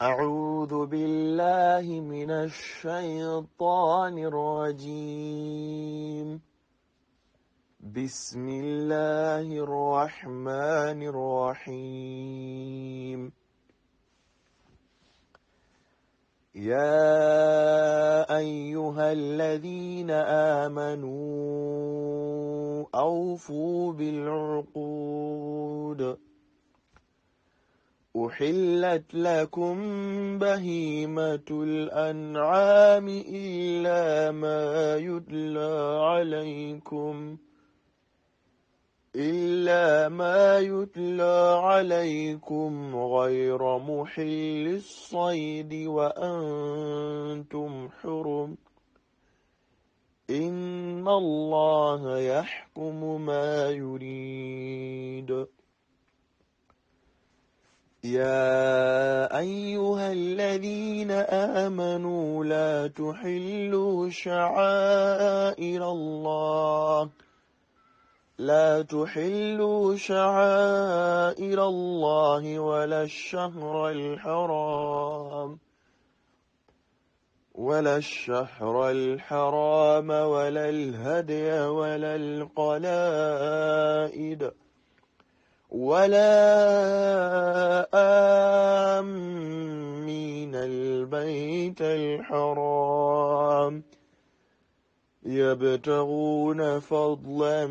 أعوذ بالله من الشيطان الرجيم بسم الله الرحمن الرحيم يا أيها الذين آمنوا أوفوا بالعقود أحلت لكم بهيمة الأنعام إلا ما يتلى عليكم إلا ما يتلى عليكم غير محل الصيد وأنتم حرم إن الله يحكم ما يريد يا أيها الذين آمنوا لا تحلوا شعائر الله لا تحلوا شعائر الله ولا الشهر الحرام ولا الشهر الحرام ولا الهدي ولا القلائد ولا آمين البيت الحرام يبتغون فضلا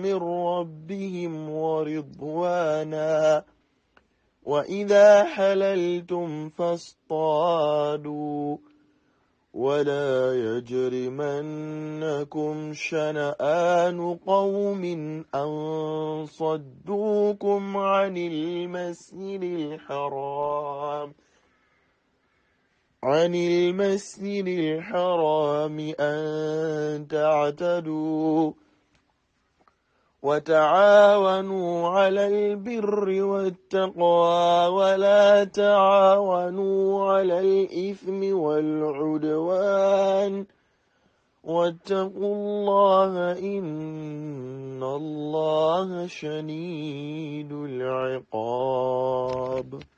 من ربهم ورضوانا وإذا حللتم فاصطادوا ولا يجرمنكم شنآن قوم أن صدوكم عن المسجد الحرام عن المسجد الحرام أن تعتدوا وتعاونوا على البر والتقوى ولا تعاونوا على الإثم والعدوان واتقوا الله إن الله شديد العقاب